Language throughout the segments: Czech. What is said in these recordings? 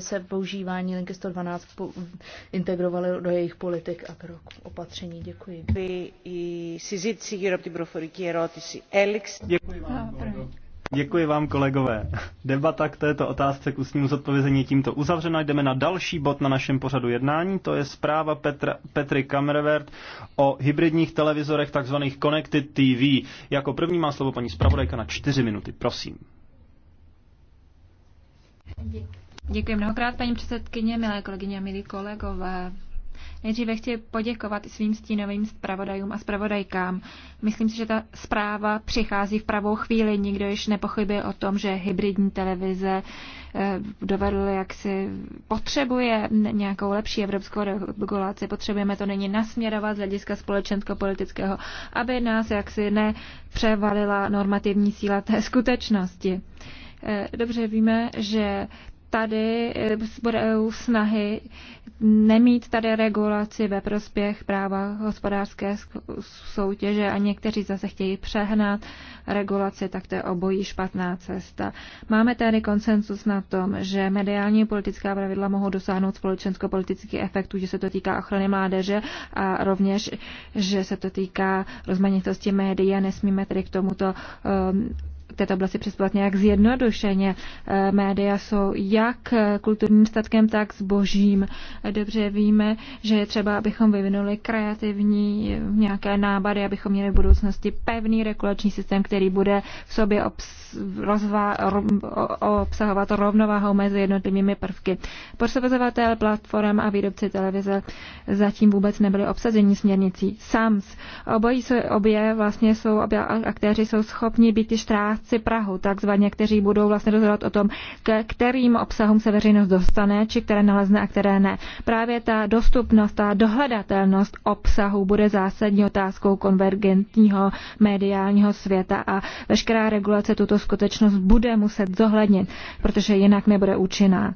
se používání linky 112 po, integrovaly do jejich politik a krok opatření. Děkuji. Děkuji vám, Děkuji vám, kolegové. Debata k této otázce k ústnímu zodpovězení tímto uzavřena. Jdeme na další bod na našem pořadu jednání. To je zpráva Petra, Petry Kamervert o hybridních televizorech tzv. Connected TV. Jako první má slovo paní zpravodajka na čtyři minuty. Prosím. Děkuji. Děkuji mnohokrát, paní předsedkyně, milé kolegyně a milí kolegové. Nejdříve chci poděkovat svým stínovým zpravodajům a zpravodajkám. Myslím si, že ta zpráva přichází v pravou chvíli. Nikdo již nepochybuje o tom, že hybridní televize eh, dovedl, jak si potřebuje nějakou lepší evropskou regulaci. Potřebujeme to nyní nasměrovat z hlediska společensko-politického, aby nás jaksi nepřevalila normativní síla té skutečnosti. Eh, dobře víme, že tady eh, budou snahy nemít tady regulaci ve prospěch práva hospodářské soutěže a někteří zase chtějí přehnat regulaci, tak to je obojí špatná cesta. Máme tady konsensus na tom, že mediální politická pravidla mohou dosáhnout společensko politický efektů, že se to týká ochrany mládeže a rovněž, že se to týká rozmanitosti médií a nesmíme tedy k tomuto um, této oblasti přesplatně, jak zjednodušeně. Eh, média jsou jak eh, kulturním statkem, tak zbožím. Dobře víme, že je třeba, abychom vyvinuli kreativní eh, nějaké nábady, abychom měli v budoucnosti pevný regulační systém, který bude v sobě obs- rozva- obsahovat rovnováhu mezi jednotlivými prvky. Provozovatel platform a výrobci televize zatím vůbec nebyli obsazeni směrnicí. SAMS. Obojí jsou, obě vlastně jsou, obě aktéři jsou schopni být i štrát správci Prahu, takzvaně, kteří budou vlastně rozhodovat o tom, k kterým obsahům se veřejnost dostane, či které nalezne a které ne. Právě ta dostupnost, ta dohledatelnost obsahu bude zásadní otázkou konvergentního mediálního světa a veškerá regulace tuto skutečnost bude muset zohlednit, protože jinak nebude účinná.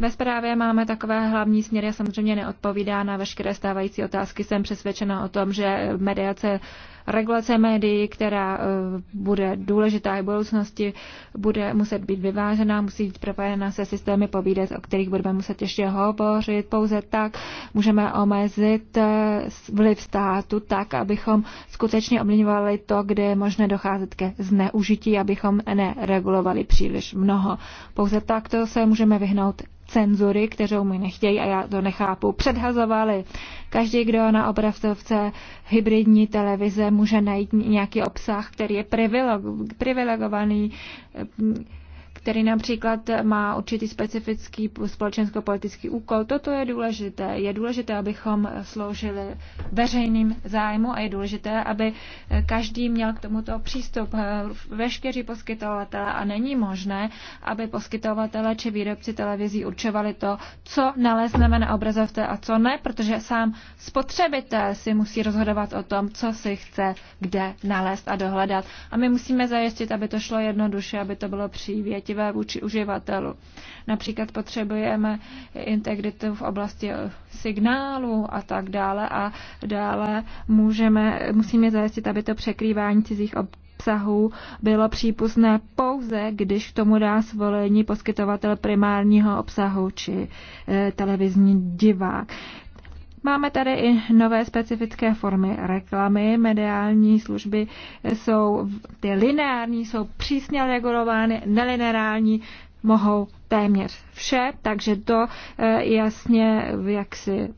Ve zprávě máme takové hlavní směry a samozřejmě neodpovídá na veškeré stávající otázky. Jsem přesvědčena o tom, že mediace regulace médií, která eh, bude důležitá i v budoucnosti, bude muset být vyvážená, musí být propojena se systémy povídek, o kterých budeme muset ještě hovořit. Pouze tak můžeme omezit eh, vliv státu tak, abychom skutečně ovlivňovali to, kde je možné docházet ke zneužití, abychom neregulovali příliš mnoho. Pouze takto se můžeme vyhnout cenzury, kterou mi nechtějí a já to nechápu, předhazovali. Každý, kdo na obrazovce hybridní televize může najít nějaký obsah, který je privilegovaný, který například má určitý specifický společensko-politický úkol. Toto je důležité. Je důležité, abychom sloužili veřejným zájmu a je důležité, aby každý měl k tomuto přístup. veškerý poskytovatele a není možné, aby poskytovatele či výrobci televizí určovali to, co nalezneme na obrazovce a co ne, protože sám spotřebitel si musí rozhodovat o tom, co si chce kde nalézt a dohledat. A my musíme zajistit, aby to šlo jednoduše, aby to bylo přívětě poctivé vůči uživatelu. Například potřebujeme integritu v oblasti signálu a tak dále a dále můžeme, musíme zajistit, aby to překrývání cizích obsahů bylo přípustné pouze, když k tomu dá svolení poskytovatel primárního obsahu či e, televizní divák. Máme tady i nové specifické formy reklamy. Mediální služby jsou, ty lineární jsou přísně regulovány, nelineární mohou téměř vše, takže to eh, jasně jak si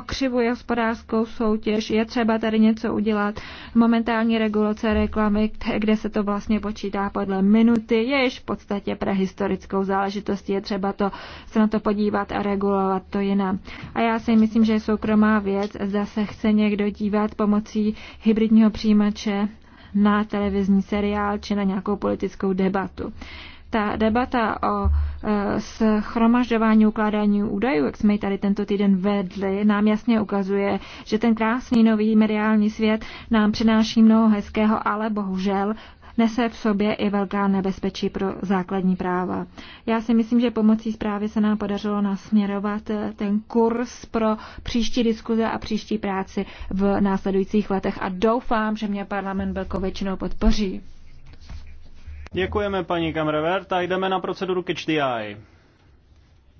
pokřivuje hospodářskou soutěž, je třeba tady něco udělat. Momentální regulace reklamy, kde se to vlastně počítá podle minuty, je již v podstatě prehistorickou záležitostí. Je třeba to, se na to podívat a regulovat to jinam. A já si myslím, že je soukromá věc, zda se chce někdo dívat pomocí hybridního přijímače na televizní seriál či na nějakou politickou debatu ta debata o e, schromažďování ukládání údajů, jak jsme ji tady tento týden vedli, nám jasně ukazuje, že ten krásný nový mediální svět nám přináší mnoho hezkého, ale bohužel nese v sobě i velká nebezpečí pro základní práva. Já si myslím, že pomocí zprávy se nám podařilo nasměrovat e, ten kurz pro příští diskuze a příští práci v následujících letech a doufám, že mě parlament velkou většinou podpoří. Děkujeme paní Kamrevert a jdeme na proceduru Catch the Eye.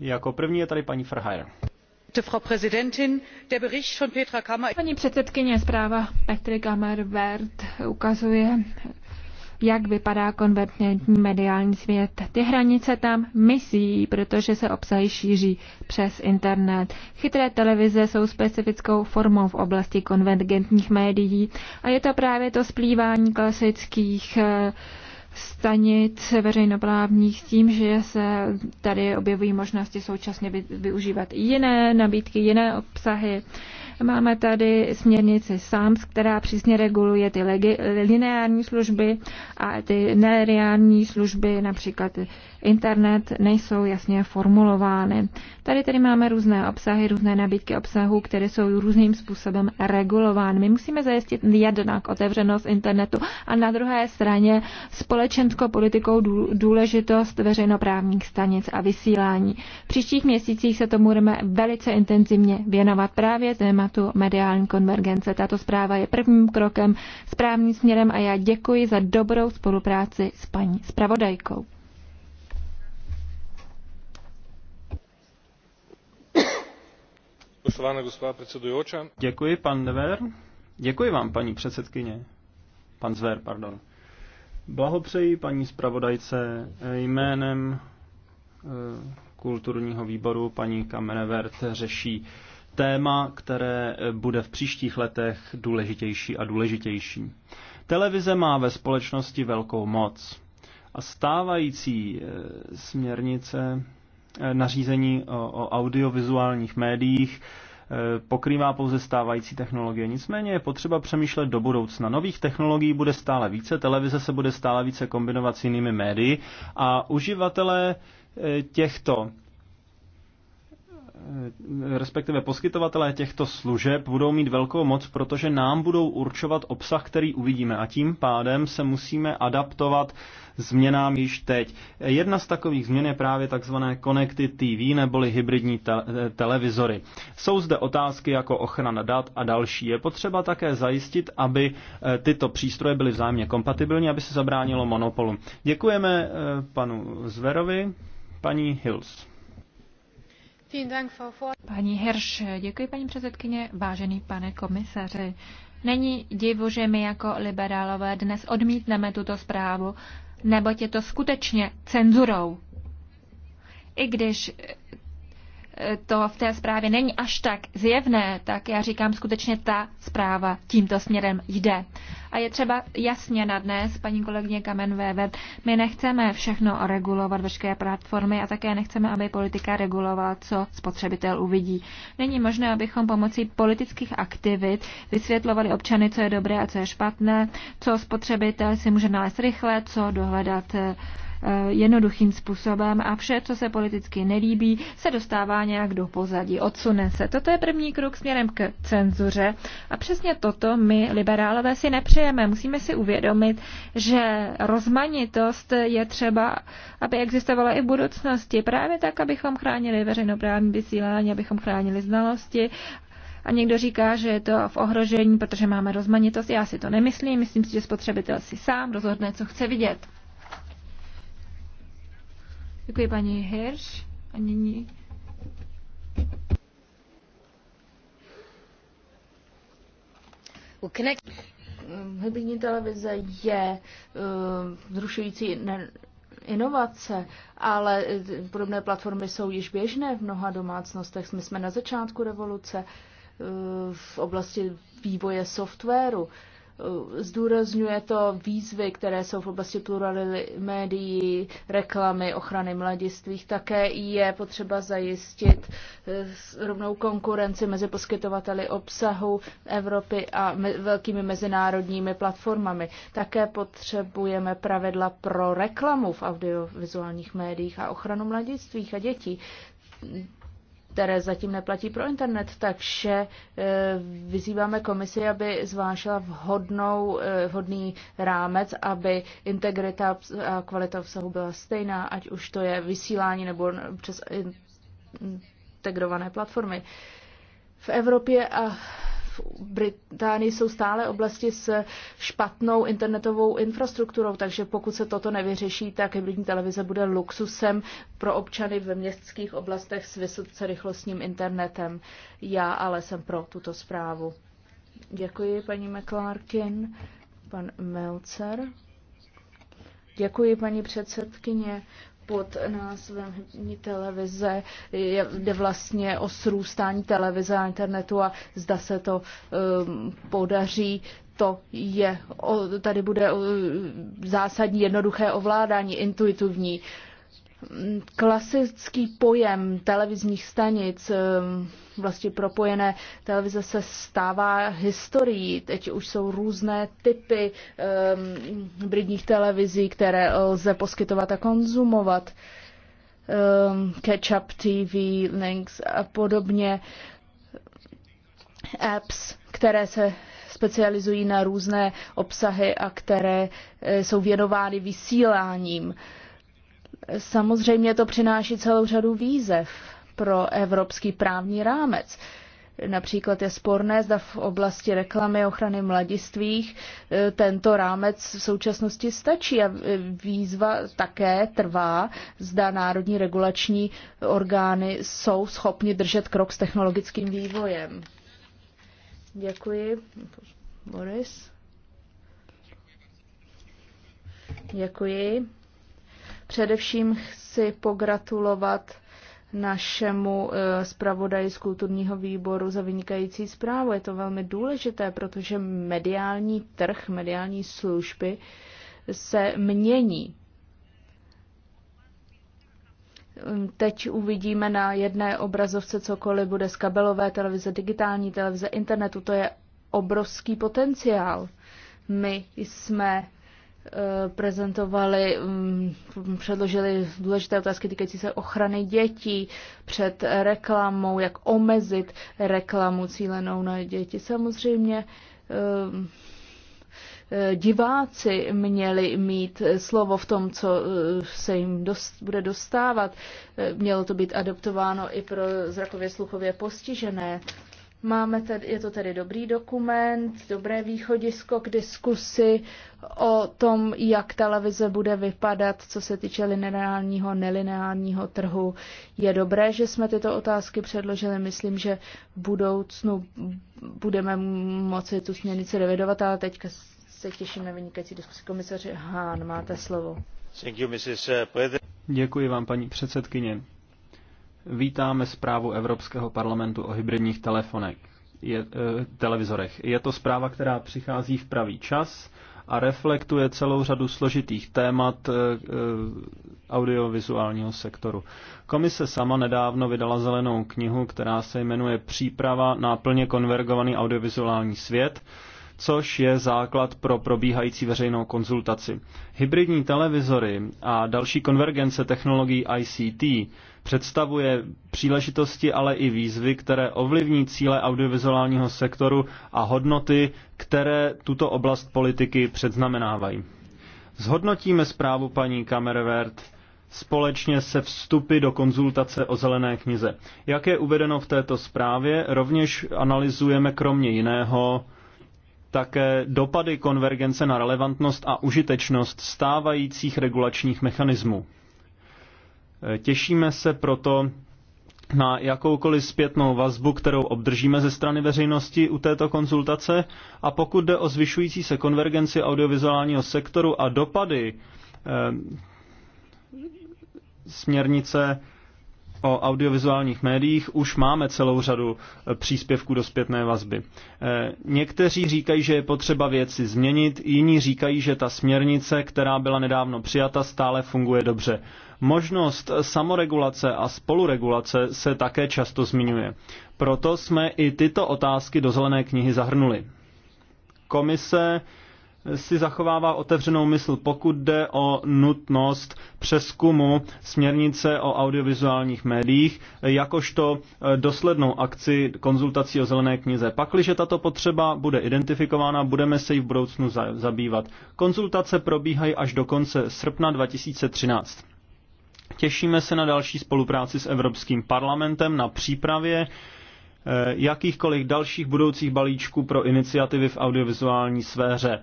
Jako první je tady paní Frhajer. Paní předsedkyně, zpráva Petry Kammerwert ukazuje, jak vypadá konvergentní mediální svět. Ty hranice tam misí, protože se obsahy šíří přes internet. Chytré televize jsou specifickou formou v oblasti konvergentních médií a je to právě to splývání klasických uh, stanic veřejnoprávních tím, že se tady objevují možnosti současně využívat jiné nabídky, jiné obsahy. Máme tady směrnici SAMS, která přísně reguluje ty lineární služby a ty nereální služby, například internet nejsou jasně formulovány. Tady tedy máme různé obsahy, různé nabídky obsahů, které jsou různým způsobem regulovány. My musíme zajistit jednak otevřenost internetu a na druhé straně společenskou politikou důležitost veřejnoprávních stanic a vysílání. V příštích měsících se tomu budeme velice intenzivně věnovat právě tématu mediální konvergence. Tato zpráva je prvním krokem správným směrem a já děkuji za dobrou spolupráci s paní spravodajkou. Děkuji, pan Dever. Děkuji vám, paní předsedkyně. Pan Zver, pardon. Blahopřeji paní zpravodajce jménem eh, kulturního výboru paní Kamenevert řeší téma, které eh, bude v příštích letech důležitější a důležitější. Televize má ve společnosti velkou moc a stávající eh, směrnice Eh, nařízení o audiovizuálních médiích eh, pokrývá pouze stávající technologie. Nicméně je potřeba přemýšlet do budoucna. Nových technologií bude stále více, televize se bude stále více kombinovat s jinými médii a uživatelé eh, těchto respektive poskytovatelé těchto služeb budou mít velkou moc, protože nám budou určovat obsah, který uvidíme a tím pádem se musíme adaptovat změnám již teď. Jedna z takových změn je právě takzvané Connected TV neboli hybridní te- televizory. Jsou zde otázky jako ochrana dat a další. Je potřeba také zajistit, aby eh, tyto přístroje byly vzájemně kompatibilní, aby se zabránilo monopolu. Děkujeme eh, panu Zverovi, paní Hills. Paní Hirš, děkuji paní předsedkyně, vážený pane komisaři. Není divu, že my jako liberálové dnes odmítneme tuto zprávu, neboť je to skutečně cenzurou. I když to v té zprávě není až tak zjevné, tak já říkám, skutečně ta zpráva tímto směrem jde. A je třeba jasně na dnes, paní kolegyně Kamen Weber, my nechceme všechno regulovat, veškeré platformy a také nechceme, aby politika regulovala, co spotřebitel uvidí. Není možné, abychom pomocí politických aktivit vysvětlovali občany, co je dobré a co je špatné, co spotřebitel si může nalézt rychle, co dohledat eh, Eh, jednoduchým způsobem a vše, co se politicky nelíbí, se dostává nějak do pozadí, odsune se. Toto je první krok směrem k cenzuře a přesně toto my, liberálové, si nepřejeme. Musíme si uvědomit, že rozmanitost je třeba, aby existovala i v budoucnosti, právě tak, abychom chránili veřejnoprávní vysílání, abychom chránili znalosti, a někdo říká, že je to v ohrožení, protože máme rozmanitost. Já si to nemyslím, myslím si, že spotřebitel si sám rozhodne, co chce vidět. Děkuji paní Hirsch. A nyní Hybridní televize je uh, zrušující inovace, ale eh, podobné platformy jsou již běžné v mnoha domácnostech. My jsme na začátku revoluce eh, v oblasti vývoje softwaru. Eh, zdůrazňuje to výzvy, které jsou v oblasti plurality médií, reklamy, ochrany mladistvých. Také je potřeba zajistit eh, rovnou konkurenci mezi poskytovateli obsahu Evropy a velkými mezinárodními platformami. Také potřebujeme pravidla pro reklamu v audiovizuálních médiích a ochranu mladistvých a dětí které zatím neplatí pro internet, takže eh, vyzýváme komisi, aby zvážila vhodnou, eh, vhodný rámec, aby integrita a kvalita obsahu byla stejná, ať už to je vysílání nebo přes integrované platformy. V Evropě a v Británii jsou stále oblasti s špatnou internetovou infrastrukturou, takže pokud se toto nevyřeší, tak hybridní televize bude luxusem pro občany ve městských oblastech s vysoce rychlostním internetem. Já ale jsem pro tuto zprávu. Děkuji, paní McLarkin, Pan Melcer. Děkuji, paní předsedkyně pod názvem hybridní televize, jde vlastně o srůstání televize a internetu a zda se to um, podaří. To je, o, tady bude o, uh, zásadní jednoduché ovládání, intuitivní. Mm, klasický pojem televizních stanic um, vlastně propojené televize se stává historií. Teď už jsou různé typy um, hybridních televizí, které lze poskytovat a konzumovat. Um, ehm, Catch-up TV, Links a podobně. Apps, které se specializují na různé obsahy a které eh, jsou věnovány vysíláním. Samozřejmě to přináší celou řadu výzev pro evropský právní rámec. Například je sporné, zda v oblasti reklamy ochrany mladistvých e, tento rámec v současnosti stačí a výzva také trvá, zda národní regulační orgány jsou schopni držet krok s technologickým vývojem. Děkuji. Boris? Děkuji. Především chci pogratulovat našemu eh, zpravodaji z kulturního výboru za vynikající zprávu. Je to velmi důležité, protože mediální trh, mediální služby se mění. Hm, teď uvidíme na jedné obrazovce cokoliv bude z kabelové televize, digitální televize, internetu. To je obrovský potenciál. My jsme Eh, prezentovali, mm, předložili důležité otázky týkající se ochrany dětí před reklamou, jak omezit reklamu cílenou na děti. Samozřejmě eh, eh, diváci měli mít slovo v tom, co se jim dost, bude dostávat. Mělo to být adoptováno i pro zrakově sluchově postižené. Máme tedy, je to tedy dobrý dokument, dobré východisko k diskusi o tom, jak televize bude vypadat, co se týče lineárního, nelineárního trhu. Je dobré, že jsme tyto otázky předložili. Myslím, že v budoucnu budeme moci tu směrnici revidovat, ale teďka se těším na vynikající diskusi. Komisaři Hán, máte slovo. Děkuji vám, paní předsedkyně. Vítáme zprávu Evropského parlamentu o hybridních telefonech, je, eh, televizorech. Je to zpráva, která přichází v pravý čas a reflektuje celou řadu složitých témat eh, eh, audiovizuálního sektoru. Komise sama nedávno vydala zelenou knihu, která se jmenuje Příprava na plně konvergovaný audiovizuální svět což je základ pro probíhající veřejnou konzultaci. Hybridní televizory a další konvergence technologií ICT představuje příležitosti, ale i výzvy, které ovlivní cíle audiovizuálního sektoru a hodnoty, které tuto oblast politiky předznamenávají. Zhodnotíme zprávu paní Kamervert společně se vstupy do konzultace o zelené knize. Jak je uvedeno v této zprávě, rovněž analyzujeme kromě jiného také dopady konvergence na relevantnost a užitečnost stávajících regulačních mechanismů. E, těšíme se proto na jakoukoliv zpětnou vazbu, kterou obdržíme ze strany veřejnosti u této konzultace a pokud jde o zvyšující se konvergenci audiovizuálního sektoru a dopady eh, směrnice o audiovizuálních médiích už máme celou řadu e, příspěvků do zpětné vazby. E, někteří říkají, že je potřeba věci změnit, jiní říkají, že ta směrnice, která byla nedávno přijata, stále funguje dobře. Možnost samoregulace a spoluregulace se také často zmiňuje. Proto jsme i tyto otázky do zelené knihy zahrnuli. Komise si zachovává otevřenou mysl, pokud jde o nutnost přeskumu směrnice o audiovizuálních médiích, jakožto e, doslednou akci konzultací o zelené knize. Pakliže tato potřeba bude identifikována, budeme se jí v budoucnu zabývat. Konzultace probíhají až do konce srpna 2013. Těšíme se na další spolupráci s Evropským parlamentem na přípravě e, jakýchkoliv dalších budoucích balíčků pro iniciativy v audiovizuální sféře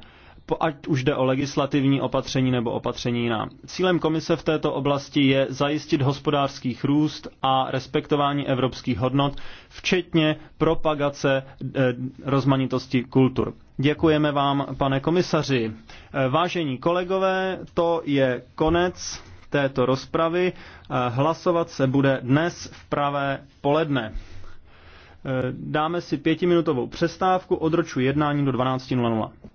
ať už jde o legislativní opatření nebo opatření jiná. Cílem komise v této oblasti je zajistit hospodářský růst a respektování evropských hodnot, včetně propagace e, rozmanitosti kultur. Děkujeme vám, pane komisaři. E, vážení kolegové, to je konec této rozpravy. E, hlasovat se bude dnes v pravé poledne. Dáme si pětiminutovou přestávku, odroču jednání do 12.00.